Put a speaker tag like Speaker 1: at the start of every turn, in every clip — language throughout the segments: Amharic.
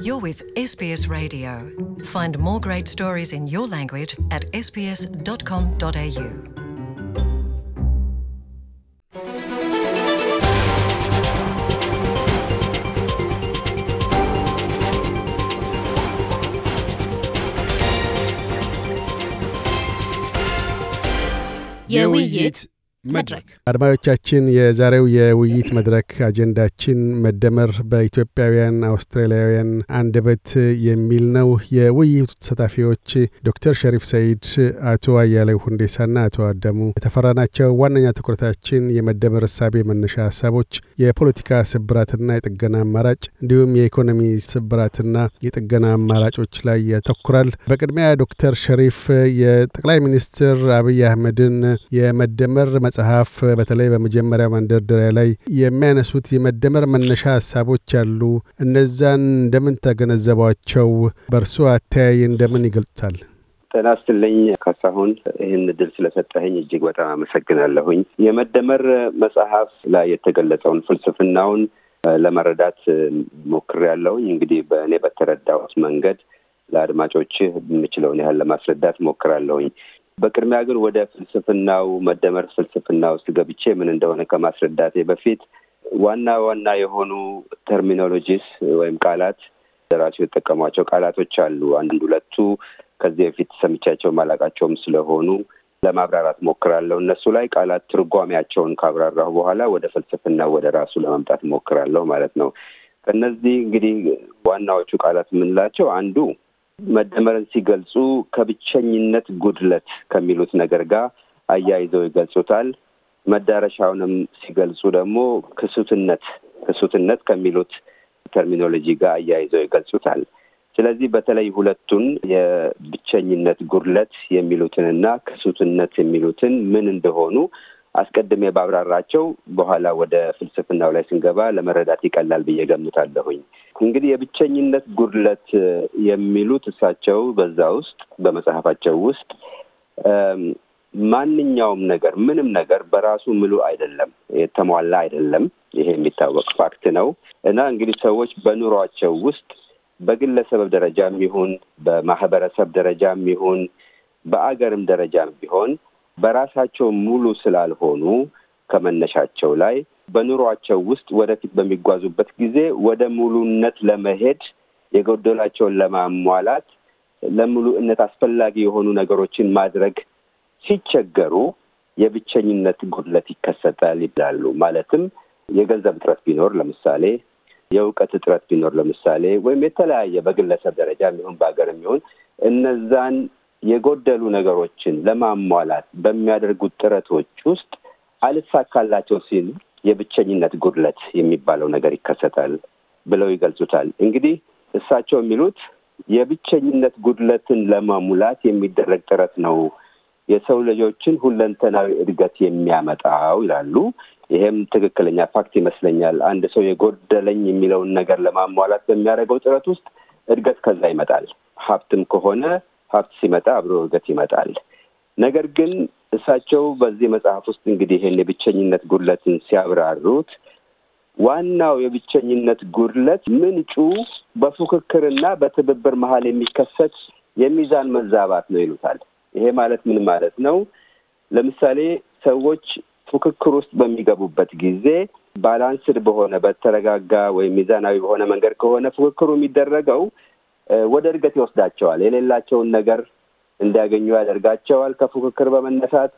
Speaker 1: You're with SBS Radio. Find more great stories in your language at sbs.com.au.
Speaker 2: Yeah, we eat. መድረክ አድማጮቻችን፣ የዛሬው የውይይት መድረክ አጀንዳችን መደመር በኢትዮጵያውያን አውስትራሊያውያን አንደበት የሚል ነው። የውይይቱ ተሳታፊዎች ዶክተር ሸሪፍ ሰይድ፣ አቶ አያሌው ሁንዴሳና አቶ አዳሙ የተፈራ ናቸው። ዋነኛ ትኩረታችን የመደመር እሳቤ መነሻ ሀሳቦች፣ የፖለቲካ ስብራትና የጥገና አማራጭ እንዲሁም የኢኮኖሚ ስብራትና የጥገና አማራጮች ላይ ያተኩራል። በቅድሚያ ዶክተር ሸሪፍ የጠቅላይ ሚኒስትር አብይ አህመድን የመደመር መጽሐፍ በተለይ በመጀመሪያ መንደርደሪያ ላይ የሚያነሱት የመደመር መነሻ ሀሳቦች አሉ። እነዛን እንደምን ተገነዘቧቸው? በእርሶ አተያይ እንደምን ይገልጡታል?
Speaker 3: ጤና ይስጥልኝ ካሳሁን፣ ይህን እድል ስለሰጠኸኝ እጅግ በጣም አመሰግናለሁኝ። የመደመር መጽሐፍ ላይ የተገለጸውን ፍልስፍናውን ለመረዳት ሞክሬያለሁኝ። እንግዲህ በእኔ በተረዳሁት መንገድ ለአድማጮችህ የምችለውን ያህል ለማስረዳት ሞክራለሁኝ። በቅድሚያ ግን ወደ ፍልስፍናው መደመር ፍልስፍና ውስጥ ገብቼ ምን እንደሆነ ከማስረዳቴ በፊት ዋና ዋና የሆኑ ተርሚኖሎጂስ ወይም ቃላት ደራሲው የጠቀሟቸው ቃላቶች አሉ። አንድ ሁለቱ ከዚህ በፊት ሰምቻቸው ማላቃቸውም ስለሆኑ ለማብራራት ሞክራለሁ። እነሱ ላይ ቃላት ትርጓሜያቸውን ካብራራሁ በኋላ ወደ ፍልስፍና ወደ ራሱ ለመምጣት ሞክራለሁ ማለት ነው። ከነዚህ እንግዲህ ዋናዎቹ ቃላት የምንላቸው አንዱ መደመርን ሲገልጹ ከብቸኝነት ጉድለት ከሚሉት ነገር ጋር አያይዘው ይገልጹታል። መዳረሻውንም ሲገልጹ ደግሞ ክሱትነት ክሱትነት ከሚሉት ተርሚኖሎጂ ጋር አያይዘው ይገልጹታል። ስለዚህ በተለይ ሁለቱን የብቸኝነት ጉድለት የሚሉትንና ክሱትነት የሚሉትን ምን እንደሆኑ አስቀድሜ ባብራራቸው በኋላ ወደ ፍልስፍናው ላይ ስንገባ ለመረዳት ይቀላል ብዬ ገምታለሁኝ። እንግዲህ የብቸኝነት ጉድለት የሚሉት እሳቸው በዛ ውስጥ በመጽሐፋቸው ውስጥ ማንኛውም ነገር ምንም ነገር በራሱ ምሉ አይደለም፣ የተሟላ አይደለም። ይሄ የሚታወቅ ፋክት ነው እና እንግዲህ ሰዎች በኑሯቸው ውስጥ በግለሰብ ደረጃም ይሁን በማህበረሰብ ደረጃም ይሁን በአገርም ደረጃም ቢሆን በራሳቸው ሙሉ ስላልሆኑ ከመነሻቸው ላይ በኑሯቸው ውስጥ ወደፊት በሚጓዙበት ጊዜ ወደ ሙሉነት ለመሄድ የጎደላቸውን ለማሟላት ለሙሉነት አስፈላጊ የሆኑ ነገሮችን ማድረግ ሲቸገሩ የብቸኝነት ጉድለት ይከሰታል ይላሉ። ማለትም የገንዘብ እጥረት ቢኖር ለምሳሌ፣ የእውቀት እጥረት ቢኖር ለምሳሌ፣ ወይም የተለያየ በግለሰብ ደረጃ የሚሆን በሀገር የሚሆን እነዛን የጎደሉ ነገሮችን ለማሟላት በሚያደርጉት ጥረቶች ውስጥ አልሳካላቸው ሲል የብቸኝነት ጉድለት የሚባለው ነገር ይከሰታል ብለው ይገልጹታል። እንግዲህ እሳቸው የሚሉት የብቸኝነት ጉድለትን ለመሙላት የሚደረግ ጥረት ነው የሰው ልጆችን ሁለንተናዊ እድገት የሚያመጣው ይላሉ። ይሄም ትክክለኛ ፋክት ይመስለኛል። አንድ ሰው የጎደለኝ የሚለውን ነገር ለማሟላት በሚያደርገው ጥረት ውስጥ እድገት ከዛ ይመጣል። ሀብትም ከሆነ ሀብት ሲመጣ አብሮ እድገት ይመጣል። ነገር ግን እሳቸው በዚህ መጽሐፍ ውስጥ እንግዲህ ይህን የብቸኝነት ጉድለትን ሲያብራሩት ዋናው የብቸኝነት ጉድለት ምንጩ በፉክክርና በትብብር መሀል የሚከሰት የሚዛን መዛባት ነው ይሉታል። ይሄ ማለት ምን ማለት ነው? ለምሳሌ ሰዎች ፉክክር ውስጥ በሚገቡበት ጊዜ ባላንስድ በሆነ በተረጋጋ ወይም ሚዛናዊ በሆነ መንገድ ከሆነ ፉክክሩ የሚደረገው ወደ እድገት ይወስዳቸዋል። የሌላቸውን ነገር እንዲያገኙ ያደርጋቸዋል። ከፉክክር በመነሳት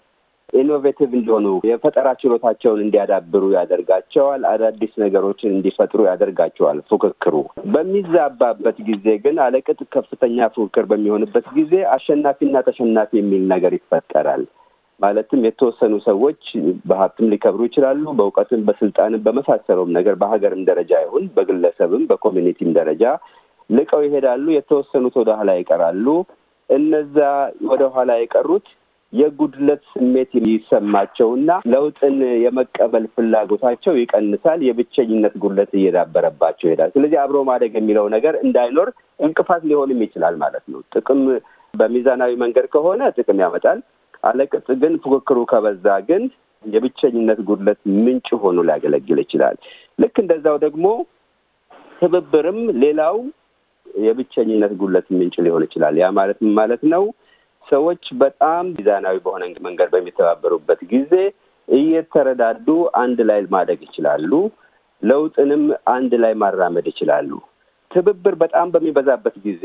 Speaker 3: ኢኖቬቲቭ እንዲሆኑ የፈጠራ ችሎታቸውን እንዲያዳብሩ ያደርጋቸዋል። አዳዲስ ነገሮችን እንዲፈጥሩ ያደርጋቸዋል። ፉክክሩ በሚዛባበት ጊዜ ግን አለቅጥ ከፍተኛ ፉክክር በሚሆንበት ጊዜ አሸናፊና ተሸናፊ የሚል ነገር ይፈጠራል። ማለትም የተወሰኑ ሰዎች በሀብትም ሊከብሩ ይችላሉ። በእውቀትም፣ በስልጣንም፣ በመሳሰለውም ነገር በሀገርም ደረጃ ይሁን በግለሰብም በኮሚኒቲም ደረጃ ልቀው ይሄዳሉ። የተወሰኑት ወደ ኋላ ይቀራሉ። እነዛ ወደ ኋላ የቀሩት የጉድለት ስሜት እና ለውጥን የመቀበል ፍላጎታቸው ይቀንሳል። የብቸኝነት ጉድለት እየዳበረባቸው ይሄዳል። ስለዚህ አብሮ ማደግ የሚለው ነገር እንዳይኖር እንቅፋት ሊሆንም ይችላል ማለት ነው። ጥቅም በሚዛናዊ መንገድ ከሆነ ጥቅም ያመጣል። አለቅጥ ግን ፉክክሩ ከበዛ ግን የብቸኝነት ጉድለት ምንጭ ሆኖ ሊያገለግል ይችላል። ልክ እንደዛው ደግሞ ትብብርም ሌላው የብቸኝነት ጉለት ምንጭ ሊሆን ይችላል። ያ ማለት ማለት ነው? ሰዎች በጣም ሚዛናዊ በሆነ መንገድ በሚተባበሩበት ጊዜ እየተረዳዱ አንድ ላይ ማደግ ይችላሉ። ለውጥንም አንድ ላይ ማራመድ ይችላሉ። ትብብር በጣም በሚበዛበት ጊዜ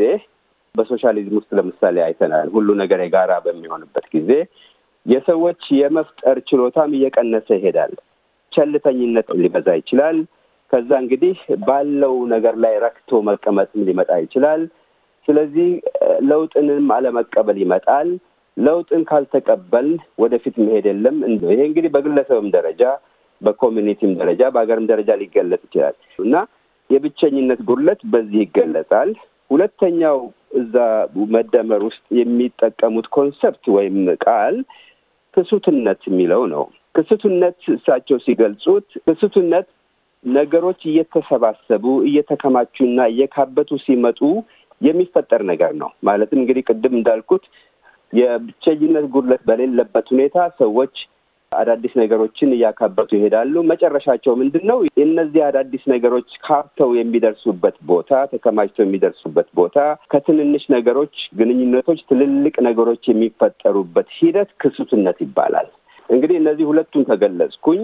Speaker 3: በሶሻሊዝም ውስጥ ለምሳሌ አይተናል። ሁሉ ነገር የጋራ በሚሆንበት ጊዜ የሰዎች የመፍጠር ችሎታም እየቀነሰ ይሄዳል። ቸልተኝነት ሊበዛ ይችላል። ከዛ እንግዲህ ባለው ነገር ላይ ረክቶ መቀመጥም ሊመጣ ይችላል። ስለዚህ ለውጥንም አለመቀበል ይመጣል። ለውጥን ካልተቀበል ወደፊት መሄድ የለም። ይሄ እንግዲህ በግለሰብም ደረጃ በኮሚኒቲም ደረጃ በሀገርም ደረጃ ሊገለጽ ይችላል እና የብቸኝነት ጉድለት በዚህ ይገለጻል። ሁለተኛው እዛ መደመር ውስጥ የሚጠቀሙት ኮንሰፕት ወይም ቃል ክሱትነት የሚለው ነው። ክሱትነት እሳቸው ሲገልጹት ክሱትነት ነገሮች እየተሰባሰቡ እየተከማቹና እየካበቱ ሲመጡ የሚፈጠር ነገር ነው። ማለትም እንግዲህ ቅድም እንዳልኩት የብቸኝነት ጉድለት በሌለበት ሁኔታ ሰዎች አዳዲስ ነገሮችን እያካበቱ ይሄዳሉ። መጨረሻቸው ምንድን ነው? እነዚህ አዳዲስ ነገሮች ካብተው የሚደርሱበት ቦታ፣ ተከማችተው የሚደርሱበት ቦታ፣ ከትንንሽ ነገሮች ግንኙነቶች ትልልቅ ነገሮች የሚፈጠሩበት ሂደት ክሱትነት ይባላል። እንግዲህ እነዚህ ሁለቱን ከገለጽኩኝ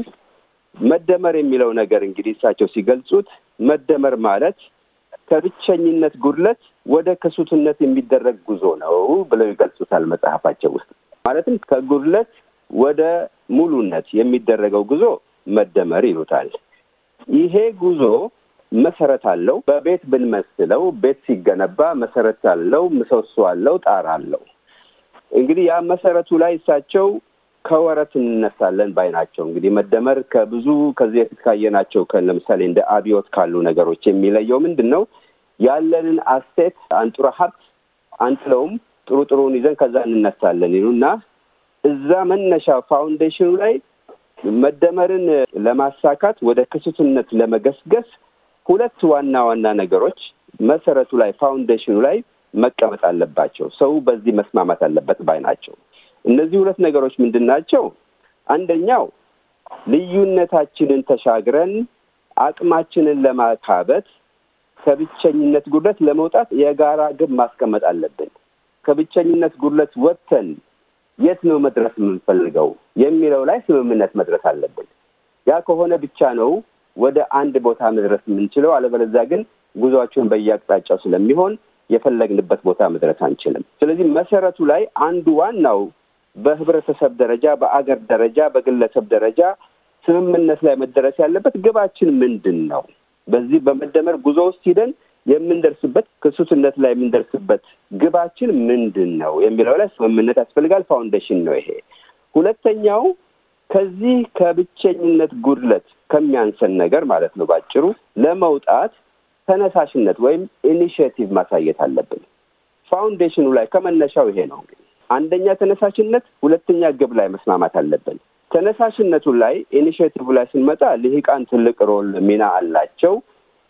Speaker 3: መደመር የሚለው ነገር እንግዲህ እሳቸው ሲገልጹት መደመር ማለት ከብቸኝነት ጉድለት ወደ ክሱትነት የሚደረግ ጉዞ ነው ብለው ይገልጹታል መጽሐፋቸው ውስጥ። ማለትም ከጉድለት ወደ ሙሉነት የሚደረገው ጉዞ መደመር ይሉታል። ይሄ ጉዞ መሰረት አለው። በቤት ብንመስለው ቤት ሲገነባ መሰረት አለው፣ ምሰሶ አለው፣ ጣራ አለው። እንግዲህ ያ መሰረቱ ላይ እሳቸው ከወረት እንነሳለን ባይ ናቸው። እንግዲህ መደመር ከብዙ ከዚህ በፊት ካየናቸው ለምሳሌ እንደ አብዮት ካሉ ነገሮች የሚለየው ምንድን ነው? ያለንን አሴት አንጡረ ሀብት አንጥለውም፣ ጥሩ ጥሩን ይዘን ከዛ እንነሳለን እና እዛ መነሻ ፋውንዴሽኑ ላይ መደመርን ለማሳካት ወደ ክሱትነት ለመገስገስ ሁለት ዋና ዋና ነገሮች መሰረቱ ላይ ፋውንዴሽኑ ላይ መቀመጥ አለባቸው። ሰው በዚህ መስማማት አለበት ባይ ናቸው። እነዚህ ሁለት ነገሮች ምንድን ናቸው? አንደኛው ልዩነታችንን ተሻግረን አቅማችንን ለማካበት ከብቸኝነት ጉድለት ለመውጣት የጋራ ግብ ማስቀመጥ አለብን። ከብቸኝነት ጉድለት ወጥተን የት ነው መድረስ የምንፈልገው የሚለው ላይ ስምምነት መድረስ አለብን። ያ ከሆነ ብቻ ነው ወደ አንድ ቦታ መድረስ የምንችለው። አለበለዚያ ግን ጉዟችሁን በየአቅጣጫው ስለሚሆን የፈለግንበት ቦታ መድረስ አንችልም። ስለዚህ መሰረቱ ላይ አንዱ ዋናው በህብረተሰብ ደረጃ፣ በአገር ደረጃ፣ በግለሰብ ደረጃ ስምምነት ላይ መደረስ ያለበት ግባችን ምንድን ነው? በዚህ በመደመር ጉዞ ውስጥ ሂደን የምንደርስበት ክሱትነት ላይ የምንደርስበት ግባችን ምንድን ነው የሚለው ላይ ስምምነት ያስፈልጋል። ፋውንዴሽን ነው ይሄ። ሁለተኛው ከዚህ ከብቸኝነት ጉድለት ከሚያንሰን ነገር ማለት ነው ባጭሩ ለመውጣት ተነሳሽነት ወይም ኢኒሽቲቭ ማሳየት አለብን። ፋውንዴሽኑ ላይ ከመነሻው ይሄ ነው እንግዲህ አንደኛ ተነሳሽነት፣ ሁለተኛ ግብ ላይ መስማማት አለብን። ተነሳሽነቱ ላይ ኢኒሽቲቭ ላይ ስንመጣ ልሂቃን ትልቅ ሮል ሚና አላቸው።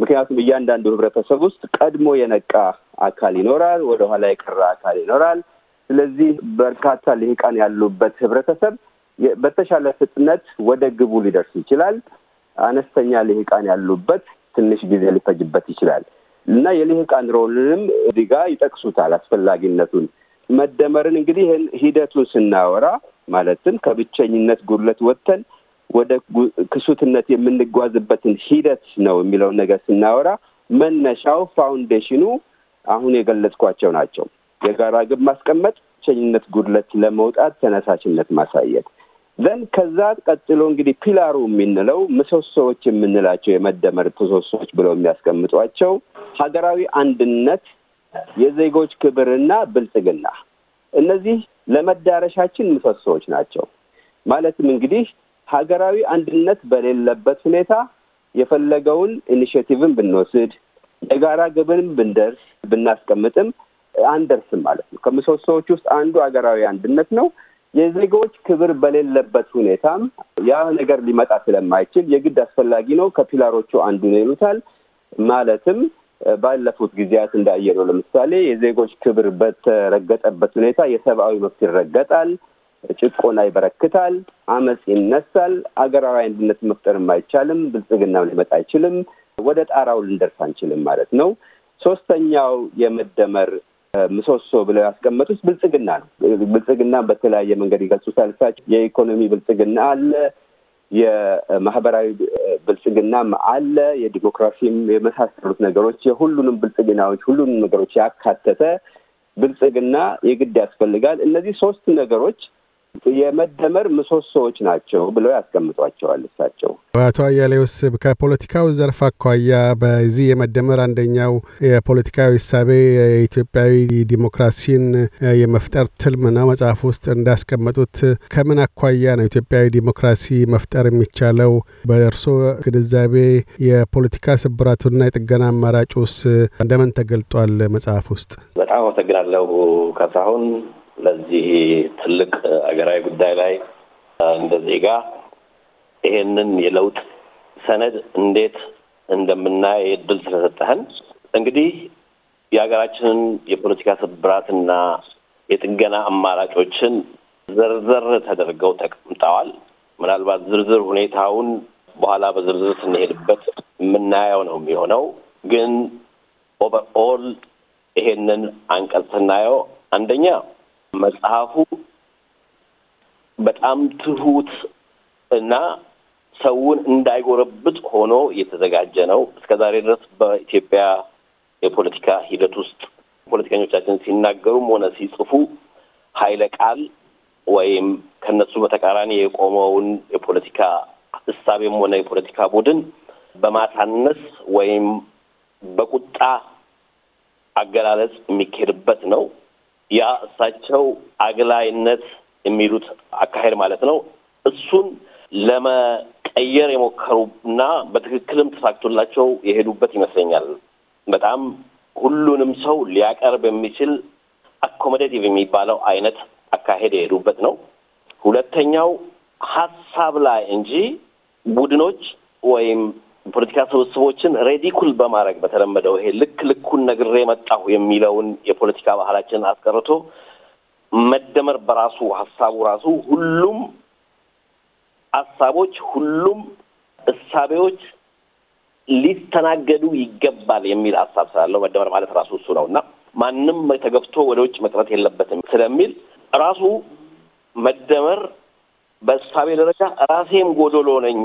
Speaker 3: ምክንያቱም እያንዳንዱ ህብረተሰብ ውስጥ ቀድሞ የነቃ አካል ይኖራል፣ ወደኋላ የቀረ አካል ይኖራል። ስለዚህ በርካታ ልሂቃን ያሉበት ህብረተሰብ በተሻለ ፍጥነት ወደ ግቡ ሊደርስ ይችላል። አነስተኛ ልሂቃን ያሉበት ትንሽ ጊዜ ሊፈጅበት ይችላል እና የልሂቃን ሮልንም እዚህ ጋር ይጠቅሱታል አስፈላጊነቱን መደመርን እንግዲህ ይህን ሂደቱን ስናወራ ማለትም ከብቸኝነት ጉድለት ወጥተን ወደ ክሱትነት የምንጓዝበትን ሂደት ነው የሚለውን ነገር ስናወራ መነሻው ፋውንዴሽኑ አሁን የገለጽኳቸው ናቸው። የጋራ ግብ ማስቀመጥ፣ ብቸኝነት ጉድለት ለመውጣት ተነሳሽነት ማሳየት ዘን ከዛ ቀጥሎ እንግዲህ ፒላሩ የምንለው ምሰሶዎች የምንላቸው የመደመር ምሰሶዎች ብለው የሚያስቀምጧቸው ሀገራዊ አንድነት የዜጎች ክብርና ብልጽግና እነዚህ ለመዳረሻችን ምሰሶዎች ናቸው። ማለትም እንግዲህ ሀገራዊ አንድነት በሌለበት ሁኔታ የፈለገውን ኢኒሽቲቭን ብንወስድ የጋራ ግብን ብንደርስ ብናስቀምጥም አንደርስም ማለት ነው። ከምሰሶዎች ውስጥ አንዱ ሀገራዊ አንድነት ነው። የዜጎች ክብር በሌለበት ሁኔታም ያ ነገር ሊመጣ ስለማይችል የግድ አስፈላጊ ነው። ከፒላሮቹ አንዱ ነው ይሉታል። ማለትም ባለፉት ጊዜያት ነው። ለምሳሌ የዜጎች ክብር በተረገጠበት ሁኔታ የሰብአዊ መብት ይረገጣል፣ ጭቆና ይበረክታል፣ አመፅ ይነሳል፣ አገራዊ አንድነት መፍጠርም አይቻልም፣ ብልጽግናም ሊመጣ አይችልም፣ ወደ ጣራው ልንደርስ አንችልም ማለት ነው። ሶስተኛው የመደመር ምሰሶ ብለው ያስቀመጡት ብልጽግና ነው። ብልጽግና በተለያየ መንገድ ይገልጹታል የኢኮኖሚ ብልጽግና አለ፣ የማህበራዊ ብልጽግናም አለ፣ የዲሞክራሲም የመሳሰሉት ነገሮች የሁሉንም ብልጽግናዎች ሁሉንም ነገሮች ያካተተ ብልጽግና የግድ ያስፈልጋል። እነዚህ ሶስት ነገሮች የመደመር ምሰሶዎች ናቸው ብለው ያስቀምጧቸዋል እሳቸው።
Speaker 2: በአቶ አያሌው ከፖለቲካው ዘርፍ አኳያ በዚህ የመደመር አንደኛው የፖለቲካዊ እሳቤ የኢትዮጵያዊ ዲሞክራሲን የመፍጠር ትልም ነው። መጽሐፍ ውስጥ እንዳስቀመጡት ከምን አኳያ ነው ኢትዮጵያዊ ዲሞክራሲ መፍጠር የሚቻለው? በእርሶ ግንዛቤ የፖለቲካ ስብራቱና የጥገና አማራጩስ እንደምን ተገልጧል? መጽሐፍ ውስጥ
Speaker 1: በጣም አመሰግናለሁ ካሳሁን፣ ለዚህ ትልቅ አገራዊ ጉዳይ ላይ እንደ ዜጋ ይሄንን የለውጥ ሰነድ እንዴት እንደምናየ እድል ስለሰጠህን እንግዲህ የሀገራችንን የፖለቲካ ስብራትና የጥገና አማራጮችን ዘርዘር ተደርገው ተቀምጠዋል። ምናልባት ዝርዝር ሁኔታውን በኋላ በዝርዝር ስንሄድበት የምናየው ነው የሚሆነው። ግን ኦቨርኦል ይሄንን አንቀጽ ስናየው አንደኛ መጽሐፉ በጣም ትሁት እና ሰውን እንዳይጎረብጥ ሆኖ የተዘጋጀ ነው። እስከ ዛሬ ድረስ በኢትዮጵያ የፖለቲካ ሂደት ውስጥ ፖለቲከኞቻችን ሲናገሩም ሆነ ሲጽፉ ኃይለ ቃል ወይም ከነሱ በተቃራኒ የቆመውን የፖለቲካ እሳቤም ሆነ የፖለቲካ ቡድን በማሳነስ ወይም በቁጣ አገላለጽ የሚካሄድበት ነው። ያ እሳቸው አግላይነት የሚሉት አካሄድ ማለት ነው። እሱን ለመ ለመቀየር የሞከሩ እና በትክክልም ተሳክቶላቸው የሄዱበት ይመስለኛል። በጣም ሁሉንም ሰው ሊያቀርብ የሚችል አኮሞዴቲቭ የሚባለው አይነት አካሄድ የሄዱበት ነው። ሁለተኛው ሀሳብ ላይ እንጂ ቡድኖች ወይም የፖለቲካ ስብስቦችን ሬዲኩል በማድረግ በተለመደው ይሄ ልክ ልኩን ነግሬ መጣሁ የሚለውን የፖለቲካ ባህላችን አስቀርቶ መደመር በራሱ ሀሳቡ ራሱ ሁሉም ሀሳቦች፣ ሁሉም እሳቤዎች ሊስተናገዱ ይገባል የሚል ሀሳብ ስላለው መደመር ማለት ራሱ እሱ ነው እና ማንም ተገብቶ ወደ ውጭ መቅረት የለበትም ስለሚል ራሱ መደመር በእሳቤ ደረጃ ራሴም ጎዶሎ ነኝ፣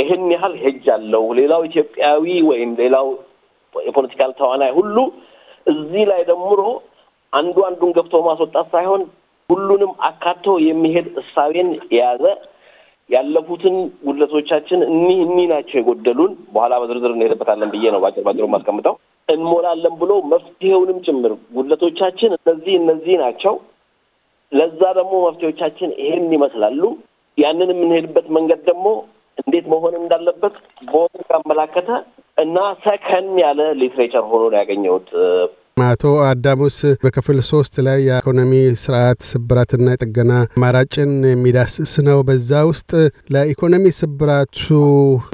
Speaker 1: ይህን ያህል አለው ሌላው ኢትዮጵያዊ ወይም ሌላው የፖለቲካል ተዋናይ ሁሉ እዚህ ላይ ደምሮ አንዱ አንዱን ገብቶ ማስወጣት ሳይሆን ሁሉንም አካቶ የሚሄድ እሳቤን የያዘ ያለፉትን ጉድለቶቻችን እኒህ እኒህ ናቸው የጎደሉን በኋላ በዝርዝር እንሄድበታለን ብዬ ነው በአጭር ባጭሩ ማስቀምጠው እንሞላለን ብሎ መፍትሄውንም ጭምር ጉድለቶቻችን እነዚህ እነዚህ ናቸው፣ ለዛ ደግሞ መፍትሄዎቻችን ይሄን ይመስላሉ። ያንን የምንሄድበት መንገድ ደግሞ እንዴት መሆን እንዳለበት በወቅት ያመላከተ እና ሰከን ያለ ሊትሬቸር ሆኖ ነው ያገኘሁት።
Speaker 2: አቶ አዳሙስ በክፍል ሶስት ላይ የኢኮኖሚ ስርዓት ስብራትና የጥገና አማራጭን የሚዳስስ ነው። በዛ ውስጥ ለኢኮኖሚ ስብራቱ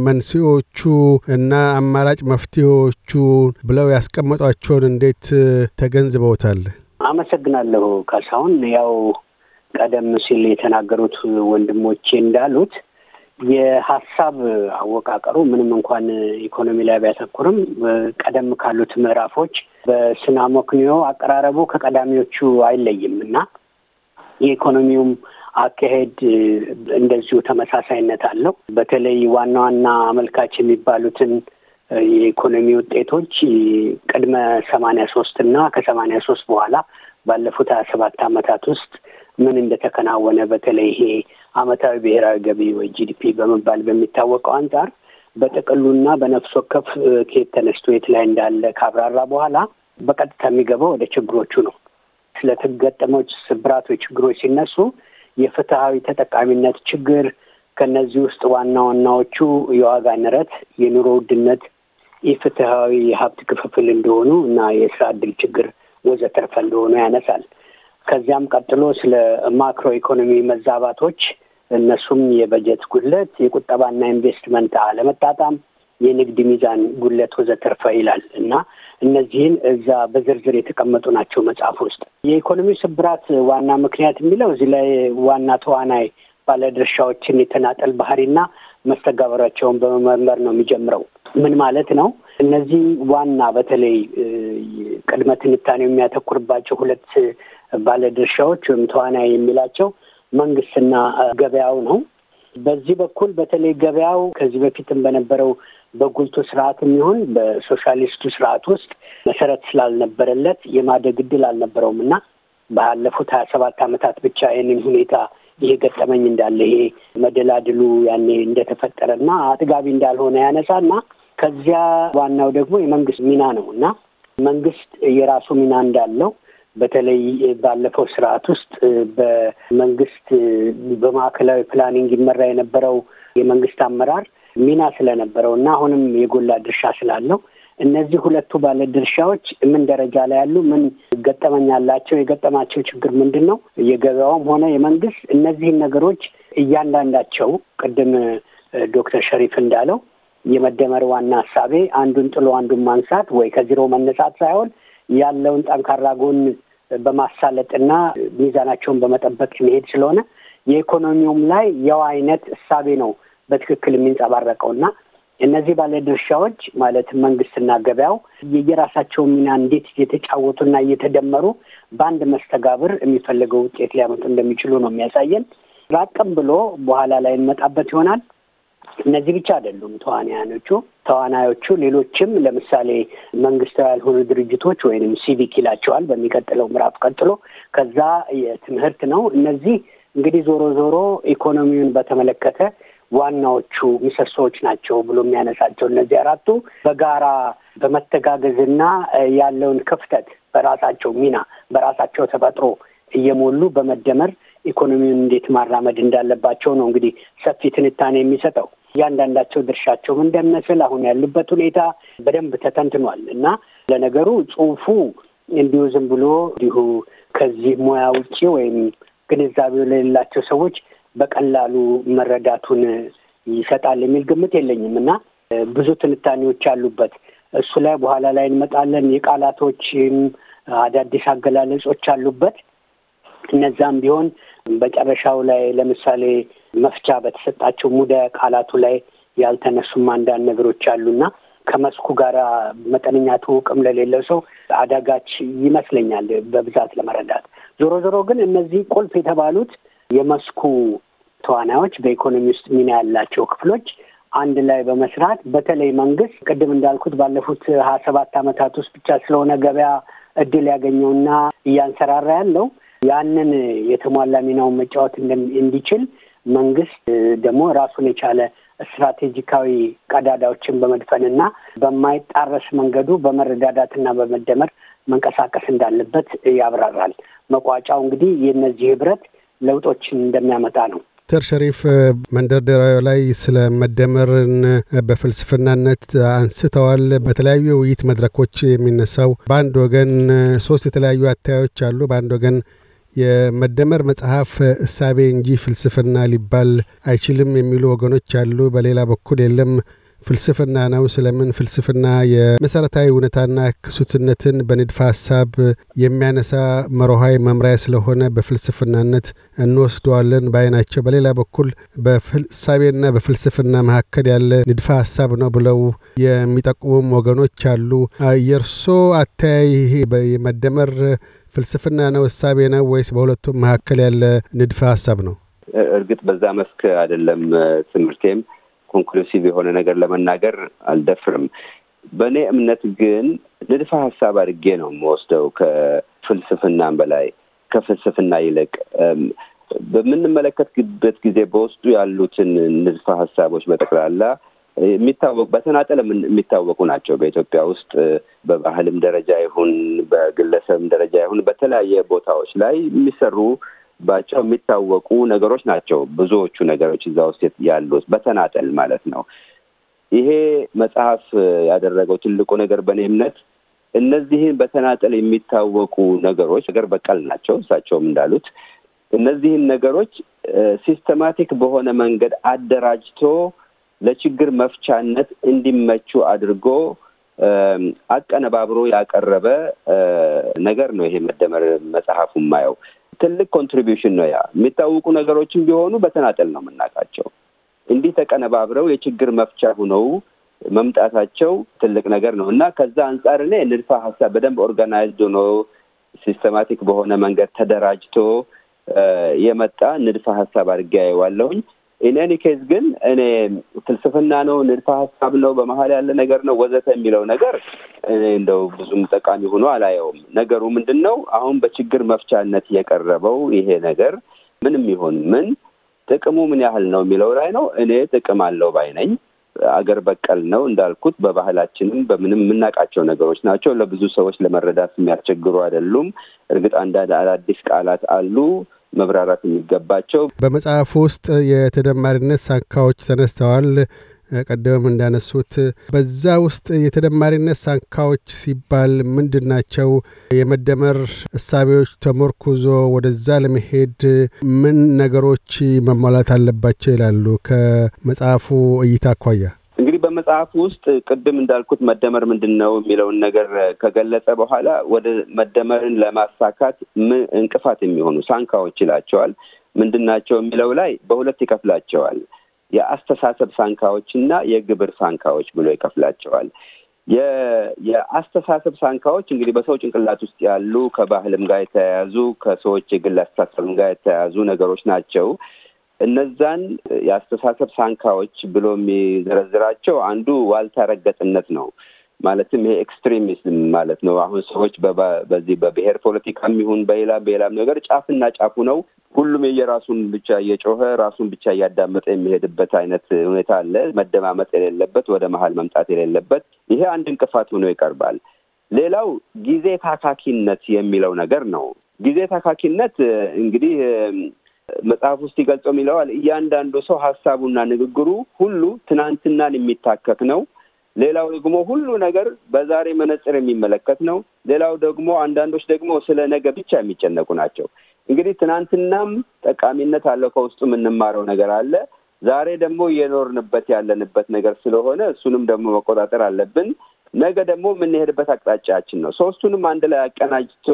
Speaker 2: መንስኤዎቹ እና አማራጭ መፍትሄዎቹ ብለው ያስቀመጧቸውን እንዴት ተገንዝበውታል?
Speaker 4: አመሰግናለሁ ካሳሁን። ያው ቀደም ሲል የተናገሩት ወንድሞቼ እንዳሉት የሀሳብ አወቃቀሩ ምንም እንኳን ኢኮኖሚ ላይ ቢያተኩርም ቀደም ካሉት ምዕራፎች በስናሞክኒዮ አቀራረቡ ከቀዳሚዎቹ አይለይም እና የኢኮኖሚውም አካሄድ እንደዚሁ ተመሳሳይነት አለው። በተለይ ዋና ዋና አመልካች የሚባሉትን የኢኮኖሚ ውጤቶች ቅድመ ሰማንያ ሶስት እና ከሰማንያ ሶስት በኋላ ባለፉት ሀያ ሰባት አመታት ውስጥ ምን እንደተከናወነ በተለይ ይሄ አመታዊ ብሔራዊ ገቢ ወይ ጂዲፒ በመባል በሚታወቀው አንጻር በጥቅሉና በነፍስ ወከፍ ከየት ተነስቶ የት ላይ እንዳለ ካብራራ በኋላ በቀጥታ የሚገባው ወደ ችግሮቹ ነው። ስለትገጠመች ገጠሞች ችግሮች ሲነሱ የፍትሐዊ ተጠቃሚነት ችግር ከነዚህ ውስጥ ዋና ዋናዎቹ የዋጋ ንረት፣ የኑሮ ውድነት፣ የፍትሃዊ የሀብት ክፍፍል እንደሆኑ እና የስራ እድል ችግር ወዘተርፈ እንደሆኑ ያነሳል። ከዚያም ቀጥሎ ስለ ማክሮ ኢኮኖሚ መዛባቶች እነሱም የበጀት ጉድለት፣ የቁጠባና ኢንቨስትመንት አለመጣጣም፣ የንግድ ሚዛን ጉድለት ወዘተርፈ ይላል እና እነዚህን እዛ በዝርዝር የተቀመጡ ናቸው መጽሐፍ ውስጥ። የኢኮኖሚ ስብራት ዋና ምክንያት የሚለው እዚህ ላይ ዋና ተዋናይ ባለድርሻዎችን የተናጠል ባህሪና መስተጋበራቸውን በመመርመር ነው የሚጀምረው። ምን ማለት ነው? እነዚህ ዋና በተለይ ቅድመ ትንታኔው የሚያተኩርባቸው ሁለት ባለድርሻዎች ወይም ተዋናይ የሚላቸው መንግስትና ገበያው ነው። በዚህ በኩል በተለይ ገበያው ከዚህ በፊትም በነበረው በጉልቱ ስርዓት የሚሆን በሶሻሊስቱ ስርዓት ውስጥ መሰረት ስላልነበረለት የማደግ እድል አልነበረውም እና ባለፉት ሀያ ሰባት ዓመታት ብቻ ይህንን ሁኔታ ይሄ ገጠመኝ እንዳለ ይሄ መደላድሉ ያኔ እንደተፈጠረ እና አጥጋቢ እንዳልሆነ ያነሳና ከዚያ ዋናው ደግሞ የመንግስት ሚና ነው እና መንግስት የራሱ ሚና እንዳለው በተለይ ባለፈው ስርዓት ውስጥ በመንግስት በማዕከላዊ ፕላኒንግ ይመራ የነበረው የመንግስት አመራር ሚና ስለነበረው እና አሁንም የጎላ ድርሻ ስላለው እነዚህ ሁለቱ ባለ ድርሻዎች ምን ደረጃ ላይ ያሉ፣ ምን ገጠመኝ ያላቸው፣ የገጠማቸው ችግር ምንድን ነው? የገበያውም ሆነ የመንግስት እነዚህን ነገሮች እያንዳንዳቸው ቅድም ዶክተር ሸሪፍ እንዳለው የመደመር ዋና ሀሳቤ አንዱን ጥሎ አንዱን ማንሳት ወይ ከዜሮ መነሳት ሳይሆን ያለውን ጠንካራ ጎን በማሳለጥና ሚዛናቸውን በመጠበቅ መሄድ ስለሆነ የኢኮኖሚውም ላይ ያው አይነት እሳቤ ነው በትክክል የሚንጸባረቀው እና እነዚህ ባለድርሻዎች ማለት መንግስትና ገበያው የየራሳቸውን ሚና እንዴት እየተጫወቱና እየተደመሩ በአንድ መስተጋብር የሚፈልገው ውጤት ሊያመጡ እንደሚችሉ ነው የሚያሳየን። ራቅም ብሎ በኋላ ላይ እንመጣበት ይሆናል። እነዚህ ብቻ አይደሉም ተዋናያኖቹ ተዋናዮቹ ሌሎችም ለምሳሌ መንግስታዊ ያልሆኑ ድርጅቶች ወይም ሲቪክ ይላቸዋል በሚቀጥለው ምዕራፍ ቀጥሎ ከዛ የትምህርት ነው። እነዚህ እንግዲህ ዞሮ ዞሮ ኢኮኖሚውን በተመለከተ ዋናዎቹ ምሰሶዎች ናቸው ብሎ የሚያነሳቸው እነዚህ አራቱ በጋራ በመተጋገዝና ያለውን ክፍተት በራሳቸው ሚና በራሳቸው ተፈጥሮ እየሞሉ በመደመር ኢኮኖሚውን እንዴት ማራመድ እንዳለባቸው ነው እንግዲህ ሰፊ ትንታኔ የሚሰጠው። እያንዳንዳቸው ድርሻቸውም እንደሚመስል አሁን ያሉበት ሁኔታ በደንብ ተተንትኗል እና ለነገሩ ጽሁፉ እንዲሁ ዝም ብሎ እንዲሁ ከዚህ ሙያ ውጭ ወይም ግንዛቤው ለሌላቸው ሰዎች በቀላሉ መረዳቱን ይሰጣል የሚል ግምት የለኝም እና ብዙ ትንታኔዎች አሉበት። እሱ ላይ በኋላ ላይ እንመጣለን። የቃላቶችም አዳዲስ አገላለጾች አሉበት። እነዛም ቢሆን መጨረሻው ላይ ለምሳሌ መፍቻ በተሰጣቸው ሙደ ቃላቱ ላይ ያልተነሱም አንዳንድ ነገሮች አሉና ከመስኩ ጋር መጠነኛ ትውቅም ለሌለው ሰው አዳጋች ይመስለኛል በብዛት ለመረዳት። ዞሮ ዞሮ ግን እነዚህ ቁልፍ የተባሉት የመስኩ ተዋናዮች በኢኮኖሚ ውስጥ ሚና ያላቸው ክፍሎች አንድ ላይ በመስራት በተለይ መንግስት ቅድም እንዳልኩት ባለፉት ሀያ ሰባት አመታት ውስጥ ብቻ ስለሆነ ገበያ እድል ያገኘውና እያንሰራራ ያለው ያንን የተሟላ ሚናውን መጫወት እንዲችል መንግስት ደግሞ ራሱን የቻለ ስትራቴጂካዊ ቀዳዳዎችን በመድፈንና በማይጣረስ መንገዱ በመረዳዳትና በመደመር መንቀሳቀስ እንዳለበት ያብራራል። መቋጫው እንግዲህ የእነዚህ ህብረት ለውጦችን እንደሚያመጣ ነው።
Speaker 2: ዶክተር ሸሪፍ መንደርደሪያው ላይ ስለ መደመርን በፍልስፍናነት አንስተዋል። በተለያዩ የውይይት መድረኮች የሚነሳው በአንድ ወገን ሶስት የተለያዩ አታዮች አሉ። በአንድ ወገን የመደመር መጽሐፍ እሳቤ እንጂ ፍልስፍና ሊባል አይችልም የሚሉ ወገኖች አሉ። በሌላ በኩል የለም ፍልስፍና ነው። ስለምን ፍልስፍና የመሰረታዊ እውነታና ክሱትነትን በንድፈ ሀሳብ የሚያነሳ መርሃዊ መምሪያ ስለሆነ በፍልስፍናነት እንወስደዋለን ባይ ናቸው። በሌላ በኩል በፍልሳቤና በፍልስፍና መካከል ያለ ንድፈ ሀሳብ ነው ብለው የሚጠቁሙም ወገኖች አሉ። የእርሶ አተያይ ይሄ የመደመር ፍልስፍና ነው፣ እሳቤ ነው ወይስ በሁለቱም መካከል ያለ ንድፈ ሀሳብ ነው?
Speaker 3: እርግጥ በዛ መስክ አይደለም ትምህርቴም፣ ኮንክሉሲቭ የሆነ ነገር ለመናገር አልደፍርም። በእኔ እምነት ግን ንድፈ ሀሳብ አድርጌ ነው የምወስደው ከፍልስፍናም በላይ ከፍልስፍና ይልቅ በምንመለከትበት ጊዜ በውስጡ ያሉትን ንድፈ ሀሳቦች በጠቅላላ የሚታወቅ በተናጠል የሚታወቁ ናቸው። በኢትዮጵያ ውስጥ በባህልም ደረጃ ይሁን በግለሰብም ደረጃ ይሁን በተለያየ ቦታዎች ላይ የሚሰሩባቸው የሚታወቁ ነገሮች ናቸው። ብዙዎቹ ነገሮች እዛ ውስጥ ያሉት በተናጠል ማለት ነው። ይሄ መጽሐፍ ያደረገው ትልቁ ነገር በእኔ እምነት እነዚህን በተናጠል የሚታወቁ ነገሮች ነገር በቀል ናቸው። እሳቸውም እንዳሉት እነዚህን ነገሮች ሲስተማቲክ በሆነ መንገድ አደራጅቶ ለችግር መፍቻነት እንዲመቹ አድርጎ አቀነባብሮ ያቀረበ ነገር ነው። ይሄ መደመር መጽሐፉ የማየው ትልቅ ኮንትሪቢዩሽን ነው። ያ የሚታወቁ ነገሮችን ቢሆኑ በተናጠል ነው የምናውቃቸው። እንዲህ ተቀነባብረው የችግር መፍቻ ሁነው መምጣታቸው ትልቅ ነገር ነው እና ከዛ አንጻር እኔ ንድፈ ሀሳብ በደንብ ኦርጋናይዝድ ሆኖ ሲስተማቲክ በሆነ መንገድ ተደራጅቶ የመጣ ንድፈ ሀሳብ አድርጌ ያየዋለሁኝ። ኢንኒ ኬዝ ግን እኔ ፍልስፍና ነው፣ ንድፈ ሀሳብ ነው፣ በመሀል ያለ ነገር ነው ወዘተ የሚለው ነገር እኔ እንደው ብዙም ጠቃሚ ሆኖ አላየውም። ነገሩ ምንድን ነው? አሁን በችግር መፍቻነት የቀረበው ይሄ ነገር ምንም ይሁን ምን ጥቅሙ ምን ያህል ነው የሚለው ላይ ነው። እኔ ጥቅም አለው ባይ ነኝ። አገር በቀል ነው እንዳልኩት፣ በባህላችንም በምንም የምናውቃቸው ነገሮች ናቸው። ለብዙ ሰዎች ለመረዳት የሚያስቸግሩ አይደሉም። እርግጥ አንዳንድ አዳዲስ ቃላት አሉ መብራራት የሚገባቸው።
Speaker 2: በመጽሐፉ ውስጥ የተደማሪነት ሳንካዎች ተነስተዋል። ቀደምም እንዳነሱት በዛ ውስጥ የተደማሪነት ሳንካዎች ሲባል ምንድን ናቸው? የመደመር እሳቤዎች ተሞርኩዞ ወደዛ ለመሄድ ምን ነገሮች መሟላት አለባቸው ይላሉ? ከመጽሐፉ እይታ አኳያ
Speaker 3: እንግዲህ በመጽሐፍ ውስጥ ቅድም እንዳልኩት መደመር ምንድን ነው የሚለውን ነገር ከገለጸ በኋላ ወደ መደመርን ለማሳካት እንቅፋት የሚሆኑ ሳንካዎች ይላቸዋል ምንድን ናቸው የሚለው ላይ በሁለት ይከፍላቸዋል። የአስተሳሰብ ሳንካዎች እና የግብር ሳንካዎች ብሎ ይከፍላቸዋል። የአስተሳሰብ ሳንካዎች እንግዲህ በሰው ጭንቅላት ውስጥ ያሉ ከባህልም ጋር የተያያዙ ከሰዎች የግል አስተሳሰብም ጋር የተያያዙ ነገሮች ናቸው። እነዛን የአስተሳሰብ ሳንካዎች ብሎ የሚዘረዝራቸው አንዱ ዋልታ ረገጥነት ነው። ማለትም ይሄ ኤክስትሪሚዝም ማለት ነው። አሁን ሰዎች በዚህ በብሔር ፖለቲካም ይሁን በሌላ በሌላም ነገር ጫፍና ጫፉ ነው። ሁሉም የየራሱን ብቻ እየጮኸ ራሱን ብቻ እያዳመጠ የሚሄድበት አይነት ሁኔታ አለ። መደማመጥ የሌለበት ወደ መሀል መምጣት የሌለበት ይሄ አንድ እንቅፋት ሆኖ ይቀርባል። ሌላው ጊዜ ታካኪነት የሚለው ነገር ነው። ጊዜ ታካኪነት እንግዲህ መጽሐፍ ውስጥ ይገልጾ ይለዋል። እያንዳንዱ ሰው ሀሳቡና ንግግሩ ሁሉ ትናንትናን የሚታከክ ነው። ሌላው ደግሞ ሁሉ ነገር በዛሬ መነጽር የሚመለከት ነው። ሌላው ደግሞ አንዳንዶች ደግሞ ስለ ነገ ብቻ የሚጨነቁ ናቸው። እንግዲህ ትናንትናም ጠቃሚነት አለው። ከውስጡ የምንማረው ነገር አለ። ዛሬ ደግሞ የኖርንበት ያለንበት ነገር ስለሆነ እሱንም ደግሞ መቆጣጠር አለብን። ነገ ደግሞ የምንሄድበት አቅጣጫችን ነው። ሶስቱንም አንድ ላይ አቀናጅቶ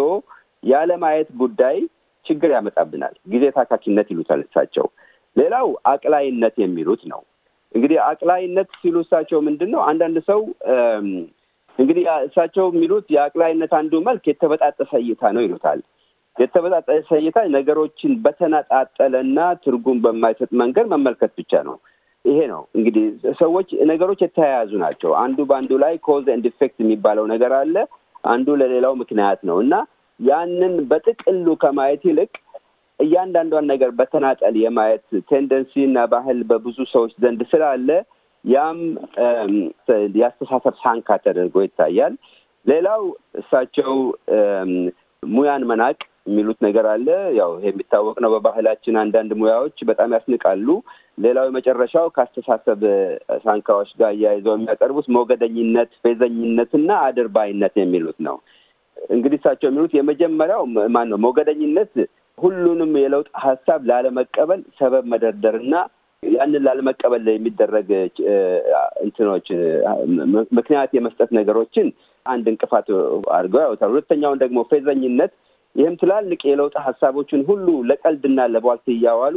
Speaker 3: ያለማየት ጉዳይ ችግር ያመጣብናል። ጊዜ ታካኪነት ይሉታል እሳቸው። ሌላው አቅላይነት የሚሉት ነው። እንግዲህ አቅላይነት ሲሉ እሳቸው ምንድን ነው? አንዳንድ ሰው እንግዲህ እሳቸው የሚሉት የአቅላይነት አንዱ መልክ የተበጣጠሰ እይታ ነው ይሉታል። የተበጣጠሰ እይታ ነገሮችን በተነጣጠለና ትርጉም በማይሰጥ መንገድ መመልከት ብቻ ነው። ይሄ ነው እንግዲህ ሰዎች ነገሮች የተያያዙ ናቸው። አንዱ በአንዱ ላይ ኮዝ ኤንድ ኢፌክት የሚባለው ነገር አለ። አንዱ ለሌላው ምክንያት ነው እና ያንን በጥቅሉ ከማየት ይልቅ እያንዳንዷን ነገር በተናጠል የማየት ቴንደንሲ እና ባህል በብዙ ሰዎች ዘንድ ስላለ ያም የአስተሳሰብ ሳንካ ተደርጎ ይታያል። ሌላው እሳቸው ሙያን መናቅ የሚሉት ነገር አለ። ያው ይሄ የሚታወቅ ነው በባህላችን አንዳንድ ሙያዎች በጣም ያስንቃሉ። ሌላው የመጨረሻው ከአስተሳሰብ ሳንካዎች ጋር እያይዘው የሚያቀርቡት ሞገደኝነት፣ ፌዘኝነት እና አድርባይነት የሚሉት ነው። እንግዲህ እሳቸው የሚሉት የመጀመሪያው ማን ነው ሞገደኝነት ሁሉንም የለውጥ ሀሳብ ላለመቀበል ሰበብ መደርደር እና ያንን ላለመቀበል የሚደረግ እንትኖች ምክንያት የመስጠት ነገሮችን አንድ እንቅፋት አድርገው ያወታል። ሁለተኛውን ደግሞ ፌዘኝነት፣ ይህም ትላልቅ የለውጥ ሀሳቦችን ሁሉ ለቀልድና ለቧልት እያዋሉ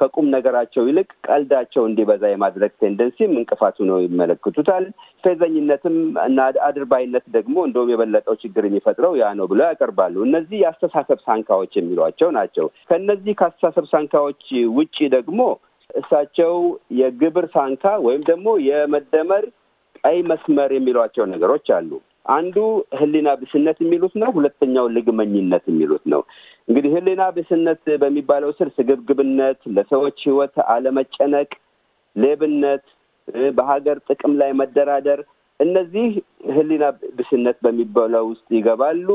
Speaker 3: ከቁም ነገራቸው ይልቅ ቀልዳቸው እንዲበዛ የማድረግ ቴንደንሲም እንቅፋቱ ነው ይመለክቱታል። ፌዘኝነትም እና አድርባይነት ደግሞ እንደውም የበለጠው ችግር የሚፈጥረው ያ ነው ብለው ያቀርባሉ። እነዚህ የአስተሳሰብ ሳንካዎች የሚሏቸው ናቸው። ከእነዚህ ከአስተሳሰብ ሳንካዎች ውጪ ደግሞ እሳቸው የግብር ሳንካ ወይም ደግሞ የመደመር ቀይ መስመር የሚሏቸው ነገሮች አሉ። አንዱ ህሊና ብስነት የሚሉት ነው። ሁለተኛው ልግመኝነት የሚሉት ነው። እንግዲህ ህሊና ብስነት በሚባለው ስር ስግብግብነት፣ ለሰዎች ህይወት አለመጨነቅ፣ ሌብነት፣ በሀገር ጥቅም ላይ መደራደር እነዚህ ህሊና ብስነት በሚባለው ውስጥ ይገባሉ።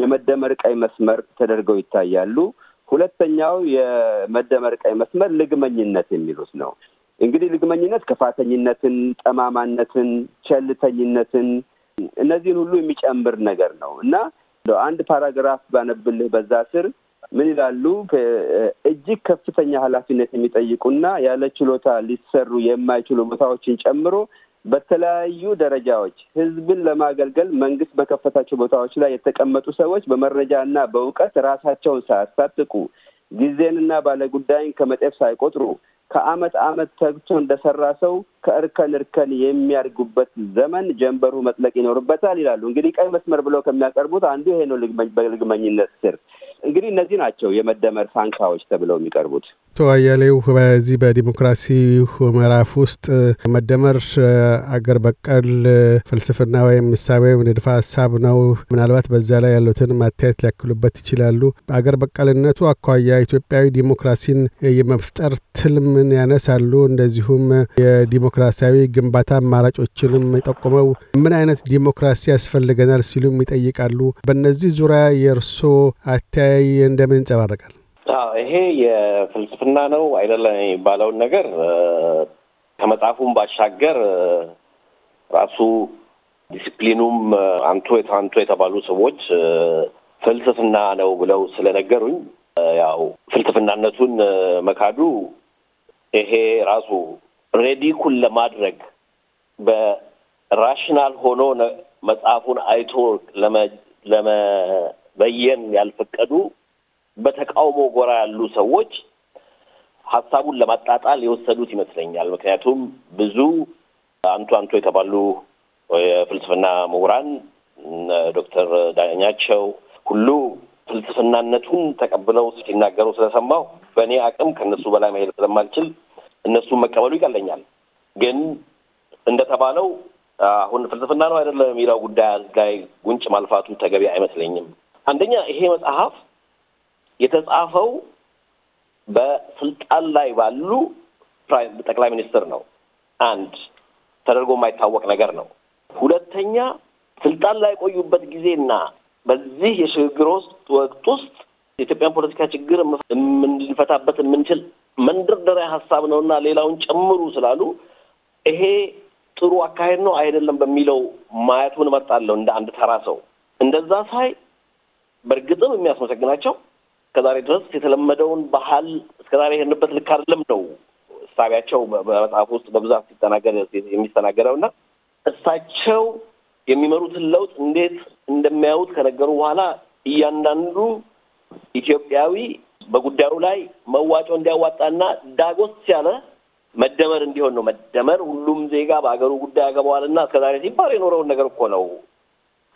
Speaker 3: የመደመር ቀይ መስመር ተደርገው ይታያሉ። ሁለተኛው የመደመር ቀይ መስመር ልግመኝነት የሚሉት ነው። እንግዲህ ልግመኝነት ከፋተኝነትን፣ ጠማማነትን፣ ቸልተኝነትን እነዚህን ሁሉ የሚጨምር ነገር ነው እና አንድ ፓራግራፍ ባነብልህ በዛ ስር ምን ይላሉ? እጅግ ከፍተኛ ኃላፊነት የሚጠይቁና ያለ ችሎታ ሊሰሩ የማይችሉ ቦታዎችን ጨምሮ በተለያዩ ደረጃዎች ህዝብን ለማገልገል መንግስት በከፈታቸው ቦታዎች ላይ የተቀመጡ ሰዎች በመረጃና በእውቀት ራሳቸውን ሳያስታጥቁ ጊዜንና ባለጉዳይን ከመጤፍ ሳይቆጥሩ ከአመት አመት ተግቶ እንደሰራ ሰው ከእርከን እርከን የሚያድጉበት ዘመን ጀንበሩ መጥለቅ ይኖርበታል ይላሉ። እንግዲህ ቀይ መስመር ብለው ከሚያቀርቡት አንዱ ይሄ ነው። በልግመኝነት ስር እንግዲህ እነዚህ ናቸው የመደመር ሳንካዎች ተብለው
Speaker 2: የሚቀርቡት። አቶ አያሌው በዚህ በዲሞክራሲ ምዕራፍ ውስጥ መደመር አገር በቀል ፍልስፍና ወይም ምሳቤ ወይም ንድፈ ሀሳብ ነው። ምናልባት በዛ ላይ ያሉትን ማታየት ሊያክሉበት ይችላሉ። አገር በቀልነቱ አኳያ ኢትዮጵያዊ ዲሞክራሲን የመፍጠር ትልምን ያነሳሉ። እንደዚሁም የዲሞክራሲያዊ ግንባታ አማራጮችንም ጠቁመው ምን አይነት ዲሞክራሲ ያስፈልገናል ሲሉም ይጠይቃሉ። በእነዚህ ዙሪያ የእርሶ አተያይ እንደምን ይንጸባረቃል?
Speaker 1: ይሄ የፍልስፍና ነው አይደለም የሚባለውን ነገር ከመጽሐፉም ባሻገር ራሱ ዲስፕሊኑም አንቱ አንቱ የተባሉ ሰዎች ፍልስፍና ነው ብለው ስለነገሩኝ ያው ፍልስፍናነቱን መካዱ ይሄ ራሱ ሬዲኩል ለማድረግ በራሽናል ሆኖ መጽሐፉን አይቶ ለመበየን ያልፈቀዱ በተቃውሞ ጎራ ያሉ ሰዎች ሀሳቡን ለማጣጣል የወሰዱት ይመስለኛል። ምክንያቱም ብዙ አንቱ አንቱ የተባሉ የፍልስፍና ምሁራን ዶክተር ዳኛቸው ሁሉ ፍልስፍናነቱን ተቀብለው ሲናገሩ ስለሰማሁ በእኔ አቅም ከእነሱ በላይ መሄድ ስለማልችል እነሱን መቀበሉ ይቀለኛል። ግን እንደተባለው አሁን ፍልስፍና ነው አይደለም የሚለው ጉዳይ ላይ ጉንጭ ማልፋቱ ተገቢ አይመስለኝም። አንደኛ ይሄ መጽሐፍ የተጻፈው በስልጣን ላይ ባሉ ጠቅላይ ሚኒስትር ነው። አንድ ተደርጎ የማይታወቅ ነገር ነው። ሁለተኛ ስልጣን ላይ የቆዩበት ጊዜና በዚህ የሽግግር ውስጥ ወቅት ውስጥ የኢትዮጵያን ፖለቲካ ችግር የምንፈታበት የምንችል መንደርደሪያ ሀሳብ ነው እና ሌላውን ጨምሩ ስላሉ ይሄ ጥሩ አካሄድ ነው አይደለም በሚለው ማየቱን እመርጣለሁ። እንደ አንድ ተራ ሰው እንደዛ ሳይ በእርግጥም የሚያስመሰግናቸው እስከዛሬ ድረስ የተለመደውን ባህል እስከዛሬ የሄድንበት ልክ አይደለም ነው እሳቢያቸው በመጽሐፍ ውስጥ በብዛት ሲተናገር የሚተናገረው እና እሳቸው የሚመሩትን ለውጥ እንዴት እንደሚያዩት ከነገሩ በኋላ እያንዳንዱ ኢትዮጵያዊ በጉዳዩ ላይ መዋጮ እንዲያዋጣና ዳጎስ ያለ መደመር እንዲሆን ነው። መደመር ሁሉም ዜጋ በሀገሩ ጉዳይ ያገባዋልና እስከዛሬ ሲባል የኖረውን ነገር እኮ ነው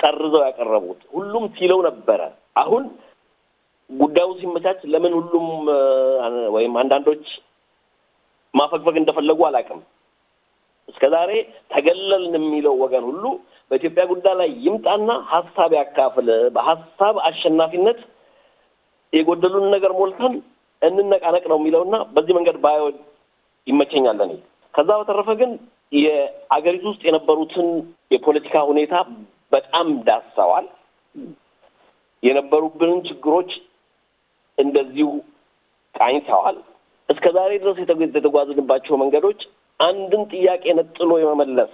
Speaker 1: ጠርዘው ያቀረቡት። ሁሉም ሲለው ነበረ አሁን ጉዳዩ ሲመቻች ለምን ሁሉም ወይም አንዳንዶች ማፈግፈግ እንደፈለጉ አላውቅም። እስከዛሬ ተገለልን የሚለው ወገን ሁሉ በኢትዮጵያ ጉዳይ ላይ ይምጣና ሀሳብ ያካፍል። በሀሳብ አሸናፊነት የጎደሉን ነገር ሞልተን እንነቃነቅ ነው የሚለውና በዚህ መንገድ ባዮ ይመቸኛል እኔ። ከዛ በተረፈ ግን የአገሪቱ ውስጥ የነበሩትን የፖለቲካ ሁኔታ በጣም ዳሰዋል። የነበሩብንን ችግሮች እንደዚሁ ቃኝተዋል። እስከ ዛሬ ድረስ የተጓዝንባቸው መንገዶች አንድን ጥያቄ ነጥሎ የመመለስ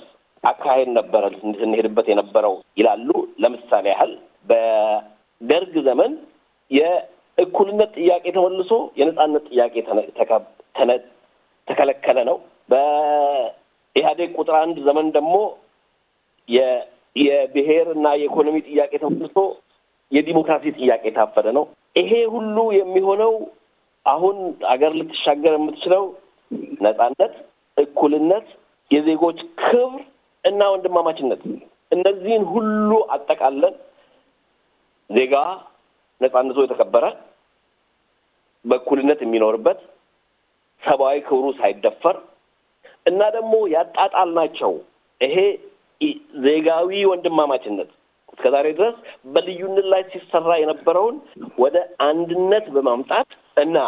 Speaker 1: አካሄድ ነበረ ስንሄድበት የነበረው ይላሉ። ለምሳሌ ያህል በደርግ ዘመን የእኩልነት ጥያቄ ተመልሶ የነጻነት ጥያቄ ተከለከለ ነው። በኢህአዴግ ቁጥር አንድ ዘመን ደግሞ የብሔር እና የኢኮኖሚ ጥያቄ ተመልሶ የዲሞክራሲ ጥያቄ ታፈደ ነው። ይሄ ሁሉ የሚሆነው አሁን አገር ልትሻገር የምትችለው ነጻነት፣ እኩልነት፣ የዜጎች ክብር እና ወንድማማችነት እነዚህን ሁሉ አጠቃለን ዜጋ ነጻነቱ የተከበረ በእኩልነት የሚኖርበት ሰብአዊ ክብሩ ሳይደፈር እና ደግሞ ናቸው። ይሄ ዜጋዊ ወንድማማችነት እስከዛሬ ድረስ በልዩነት ላይ ሲሰራ የነበረውን ወደ አንድነት በማምጣት እና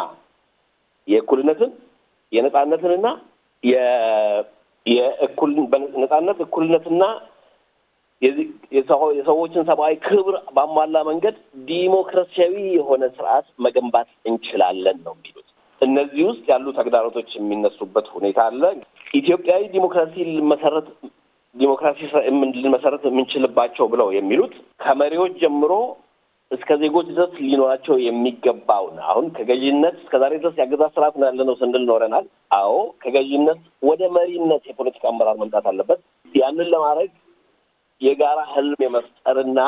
Speaker 1: የእኩልነትን የነጻነትንና የእኩል እኩልነትና የሰዎችን ሰብአዊ ክብር ባሟላ መንገድ ዲሞክራሲያዊ የሆነ ስርዓት መገንባት እንችላለን ነው የሚሉት። እነዚህ ውስጥ ያሉ ተግዳሮቶች የሚነሱበት ሁኔታ አለ። ኢትዮጵያዊ ዲሞክራሲ መሰረት ዲሞክራሲ ልንመሰረት የምንችልባቸው ብለው የሚሉት ከመሪዎች ጀምሮ እስከ ዜጎች ድረስ ሊኖራቸው የሚገባውን አሁን ከገዢነት እስከ ዛሬ ድረስ ያገዛ ስርዓት ነው ያለነው ስንል ኖረናል። አዎ ከገዢነት ወደ መሪነት የፖለቲካ አመራር መምጣት አለበት። ያንን ለማድረግ የጋራ ህልም የመፍጠርና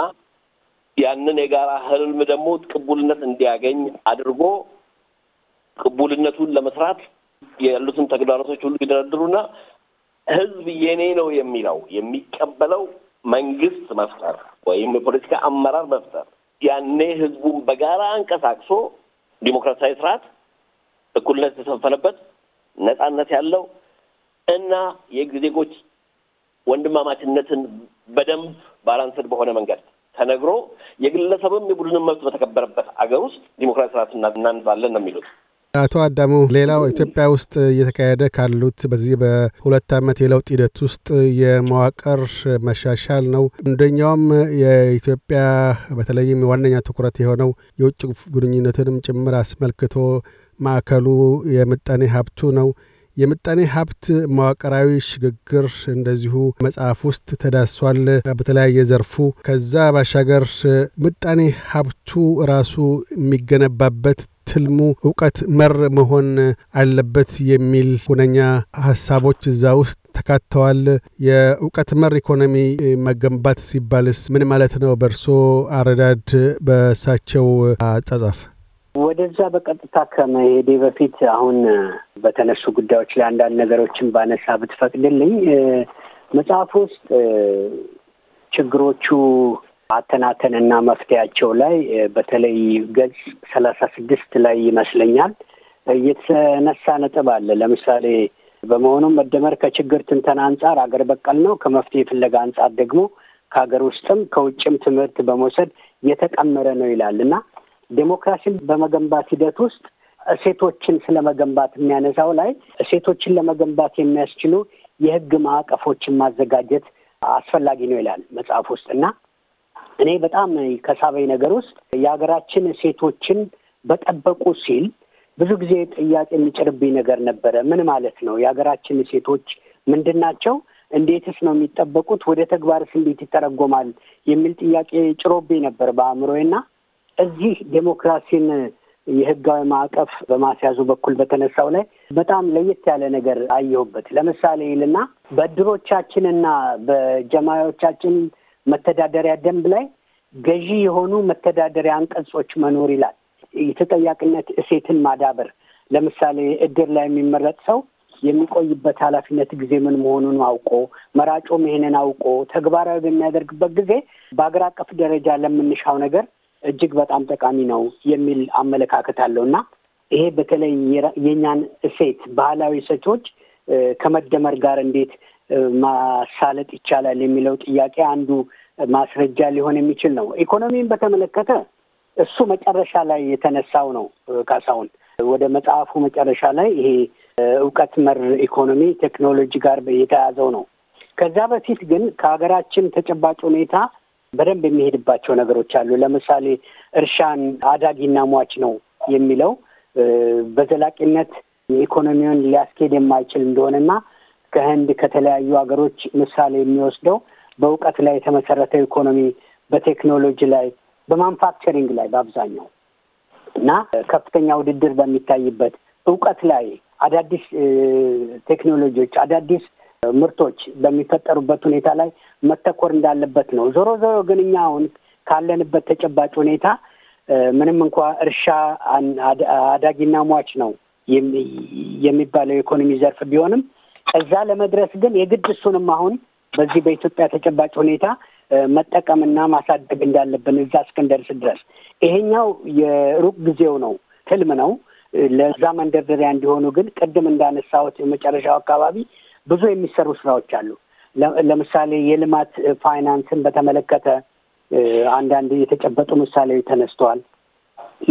Speaker 1: ያንን የጋራ ህልም ደግሞ ቅቡልነት እንዲያገኝ አድርጎ ቅቡልነቱን ለመስራት ያሉትን ተግዳሮቶች ሁሉ ይደረድሩና ህዝብ የኔ ነው የሚለው የሚቀበለው መንግስት መፍጠር ወይም የፖለቲካ አመራር መፍጠር፣ ያኔ ህዝቡን በጋራ አንቀሳቅሶ ዲሞክራሲያዊ ስርዓት፣ እኩልነት የተሰፈነበት ነጻነት ያለው እና የዜጎች ወንድማማችነትን በደንብ ባላንስድ በሆነ መንገድ ተነግሮ የግለሰብም የቡድንም መብት በተከበረበት አገር ውስጥ ዲሞክራሲ ስርዓት እናንጻለን ነው የሚሉት።
Speaker 2: አቶ አዳሙ ሌላው ኢትዮጵያ ውስጥ እየተካሄደ ካሉት በዚህ በሁለት ዓመት የለውጥ ሂደት ውስጥ የመዋቅር መሻሻል ነው። አንደኛውም የኢትዮጵያ በተለይም ዋነኛ ትኩረት የሆነው የውጭ ግንኙነትንም ጭምር አስመልክቶ ማዕከሉ የምጣኔ ሀብቱ ነው። የምጣኔ ሀብት መዋቅራዊ ሽግግር እንደዚሁ መጽሐፍ ውስጥ ተዳሷል በተለያየ ዘርፉ። ከዛ ባሻገር ምጣኔ ሀብቱ ራሱ የሚገነባበት ትልሙ እውቀት መር መሆን አለበት የሚል ሁነኛ ሀሳቦች እዛ ውስጥ ተካተዋል። የእውቀት መር ኢኮኖሚ መገንባት ሲባልስ ምን ማለት ነው? በእርሶ አረዳድ፣ በእሳቸው አጻጻፍ?
Speaker 4: ወደዛ በቀጥታ ከመሄዴ በፊት አሁን በተነሱ ጉዳዮች ላይ አንዳንድ ነገሮችን ባነሳ ብትፈቅድልኝ፣ መጽሐፍ ውስጥ ችግሮቹ አተናተንና መፍትያቸው ላይ በተለይ ገጽ ሰላሳ ስድስት ላይ ይመስለኛል የተነሳ ነጥብ አለ። ለምሳሌ በመሆኑም መደመር ከችግር ትንተና አንጻር አገር በቀል ነው። ከመፍትሄ ፍለጋ አንጻር ደግሞ ከሀገር ውስጥም ከውጭም ትምህርት በመውሰድ የተቀመረ ነው ይላል እና ዴሞክራሲን በመገንባት ሂደት ውስጥ እሴቶችን ስለመገንባት የሚያነሳው ላይ እሴቶችን ለመገንባት የሚያስችሉ የህግ ማዕቀፎችን ማዘጋጀት አስፈላጊ ነው ይላል መጽሐፍ ውስጥ እና እኔ በጣም ከሳበኝ ነገር ውስጥ የሀገራችን ሴቶችን በጠበቁ ሲል ብዙ ጊዜ ጥያቄ የሚጭርብኝ ነገር ነበረ። ምን ማለት ነው? የሀገራችን ሴቶች ምንድን ናቸው? እንዴትስ ነው የሚጠበቁት? ወደ ተግባርስ እንዴት ይተረጎማል? የሚል ጥያቄ ጭሮብኝ ነበር በአእምሮዬና እዚህ ዴሞክራሲን የህጋዊ ማዕቀፍ በማስያዙ በኩል በተነሳው ላይ በጣም ለየት ያለ ነገር አየሁበት። ለምሳሌ ይልና በድሮቻችንና በጀማዮቻችን መተዳደሪያ ደንብ ላይ ገዢ የሆኑ መተዳደሪያ አንቀጾች መኖር ይላል። የተጠያቂነት እሴትን ማዳበር ለምሳሌ እድር ላይ የሚመረጥ ሰው የሚቆይበት ኃላፊነት ጊዜ ምን መሆኑን አውቆ መራጮም ይሄንን አውቆ ተግባራዊ በሚያደርግበት ጊዜ በሀገር አቀፍ ደረጃ ለምንሻው ነገር እጅግ በጣም ጠቃሚ ነው የሚል አመለካከት አለው እና ይሄ በተለይ የእኛን እሴት ባህላዊ እሴቶች ከመደመር ጋር እንዴት ማሳለጥ ይቻላል የሚለው ጥያቄ አንዱ ማስረጃ ሊሆን የሚችል ነው። ኢኮኖሚን በተመለከተ እሱ መጨረሻ ላይ የተነሳው ነው። ካሳሁን ወደ መጽሐፉ መጨረሻ ላይ ይሄ እውቀት መር ኢኮኖሚ ቴክኖሎጂ ጋር የተያዘው ነው። ከዛ በፊት ግን ከሀገራችን ተጨባጭ ሁኔታ በደንብ የሚሄድባቸው ነገሮች አሉ። ለምሳሌ እርሻን አዳጊና ሟች ነው የሚለው በዘላቂነት ኢኮኖሚውን ሊያስኬድ የማይችል እንደሆነና ከህንድ ከተለያዩ ሀገሮች ምሳሌ የሚወስደው በእውቀት ላይ የተመሰረተ ኢኮኖሚ በቴክኖሎጂ ላይ በማንፋክቸሪንግ ላይ በአብዛኛው እና ከፍተኛ ውድድር በሚታይበት እውቀት ላይ አዳዲስ ቴክኖሎጂዎች፣ አዳዲስ ምርቶች በሚፈጠሩበት ሁኔታ ላይ መተኮር እንዳለበት ነው። ዞሮ ዞሮ ግን እኛ አሁን ካለንበት ተጨባጭ ሁኔታ ምንም እንኳ እርሻ አዳጊና ሟች ነው የሚባለው የኢኮኖሚ ዘርፍ ቢሆንም እዛ ለመድረስ ግን የግድ እሱንም አሁን በዚህ በኢትዮጵያ ተጨባጭ ሁኔታ መጠቀምና ማሳደግ እንዳለብን እዛ እስክንደርስ ድረስ ይሄኛው የሩቅ ጊዜው ነው፣ ህልም ነው። ለዛ መንደርደሪያ እንዲሆኑ ግን ቅድም እንዳነሳሁት የመጨረሻው አካባቢ ብዙ የሚሰሩ ስራዎች አሉ። ለምሳሌ የልማት ፋይናንስን በተመለከተ አንዳንድ የተጨበጡ ምሳሌዎች ተነስተዋል።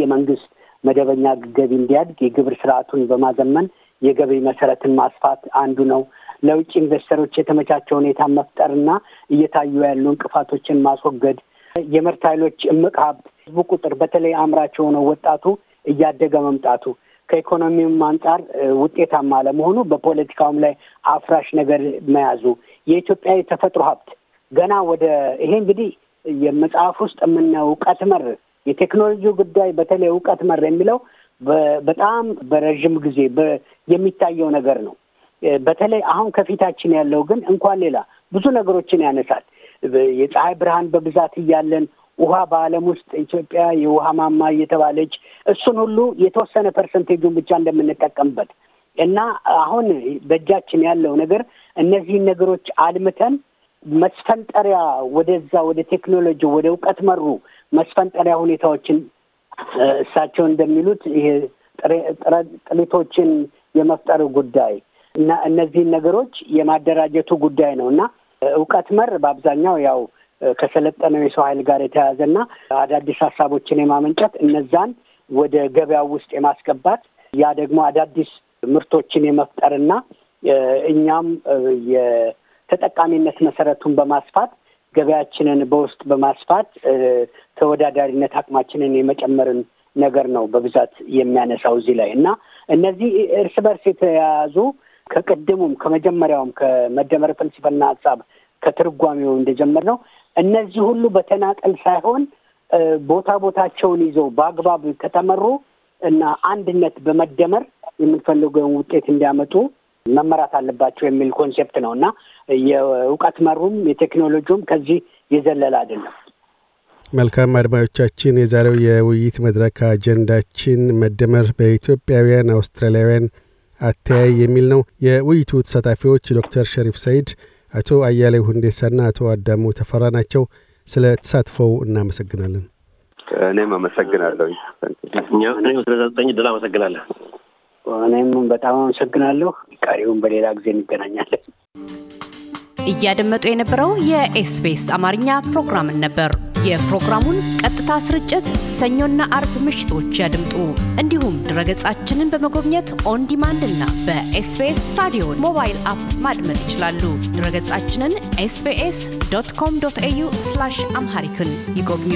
Speaker 4: የመንግስት መደበኛ ገቢ እንዲያድግ የግብር ስርዓቱን በማዘመን የገቢ መሰረትን ማስፋት አንዱ ነው። ለውጭ ኢንቨስተሮች የተመቻቸ ሁኔታ መፍጠርና እየታዩ ያሉ እንቅፋቶችን ማስወገድ፣ የምርት ኃይሎች እምቅ ሀብት፣ ህዝቡ ቁጥር በተለይ አምራች የሆነው ወጣቱ እያደገ መምጣቱ ከኢኮኖሚውም አንጻር ውጤታማ አለመሆኑ፣ በፖለቲካውም ላይ አፍራሽ ነገር መያዙ፣ የኢትዮጵያ የተፈጥሮ ሀብት ገና ወደ ይሄ እንግዲህ የመጽሐፍ ውስጥ የምናየው እውቀት መር የቴክኖሎጂ ጉዳይ በተለይ እውቀት መር የሚለው በጣም በረዥም ጊዜ የሚታየው ነገር ነው። በተለይ አሁን ከፊታችን ያለው ግን እንኳን ሌላ ብዙ ነገሮችን ያነሳል። የፀሐይ ብርሃን በብዛት እያለን ውሃ በዓለም ውስጥ ኢትዮጵያ የውሃ ማማ እየተባለች እሱን ሁሉ የተወሰነ ፐርሰንቴጁን ብቻ እንደምንጠቀምበት እና አሁን በእጃችን ያለው ነገር እነዚህን ነገሮች አልምተን መስፈንጠሪያ ወደዛ ወደ ቴክኖሎጂ ወደ እውቀት መሩ መስፈንጠሪያ ሁኔታዎችን እሳቸው እንደሚሉት ጥሪቶችን የመፍጠር ጉዳይ እና እነዚህን ነገሮች የማደራጀቱ ጉዳይ ነው እና እውቀት መር በአብዛኛው ያው ከሰለጠነው የሰው ኃይል ጋር የተያያዘ እና አዳዲስ ሀሳቦችን የማመንጨት እነዛን ወደ ገበያው ውስጥ የማስገባት ያ ደግሞ አዳዲስ ምርቶችን የመፍጠርና እኛም የተጠቃሚነት መሰረቱን በማስፋት ገበያችንን በውስጥ በማስፋት ተወዳዳሪነት አቅማችንን የመጨመርን ነገር ነው በብዛት የሚያነሳው እዚህ ላይ እና እነዚህ እርስ በርስ የተያያዙ ከቅድሙም ከመጀመሪያውም ከመደመር ፍልስፍና ሀሳብ ከትርጓሜው እንደጀመር ነው እነዚህ ሁሉ በተናጠል ሳይሆን ቦታ ቦታቸውን ይዘው በአግባብ ከተመሩ እና አንድነት በመደመር የምንፈልገውን ውጤት እንዲያመጡ መመራት አለባቸው የሚል ኮንሴፕት ነው እና የእውቀት መሩም የቴክኖሎጂውም ከዚህ የዘለለ አይደለም።
Speaker 2: መልካም አድማጮቻችን፣ የዛሬው የውይይት መድረክ አጀንዳችን መደመር በኢትዮጵያውያን አውስትራሊያውያን አተያይ የሚል ነው። የውይይቱ ተሳታፊዎች ዶክተር ሸሪፍ ሰይድ፣ አቶ አያሌው ሁንዴሳና አቶ አዳሙ ተፈራ ናቸው። ስለ ተሳትፎው እናመሰግናለን።
Speaker 1: እኔም አመሰግናለሁ። እኛ ስለሰጠኝ ድል አመሰግናለሁ።
Speaker 4: እኔም በጣም አመሰግናለሁ። ቀሪውን በሌላ ጊዜ እንገናኛለን።
Speaker 3: እያደመጡ የነበረው የኤስቢኤስ አማርኛ ፕሮግራምን ነበር። የፕሮግራሙን ቀጥታ ስርጭት ሰኞና አርብ ምሽቶች ያድምጡ። እንዲሁም ድረገጻችንን በመጎብኘት ኦን ዲማንድ እና በኤስቢኤስ ራዲዮን ሞባይል አፕ ማድመጥ ይችላሉ። ድረገጻችንን ኤስቢኤስ ዶት ኮም ዶት ኤዩ አምሃሪክን ይጎብኙ።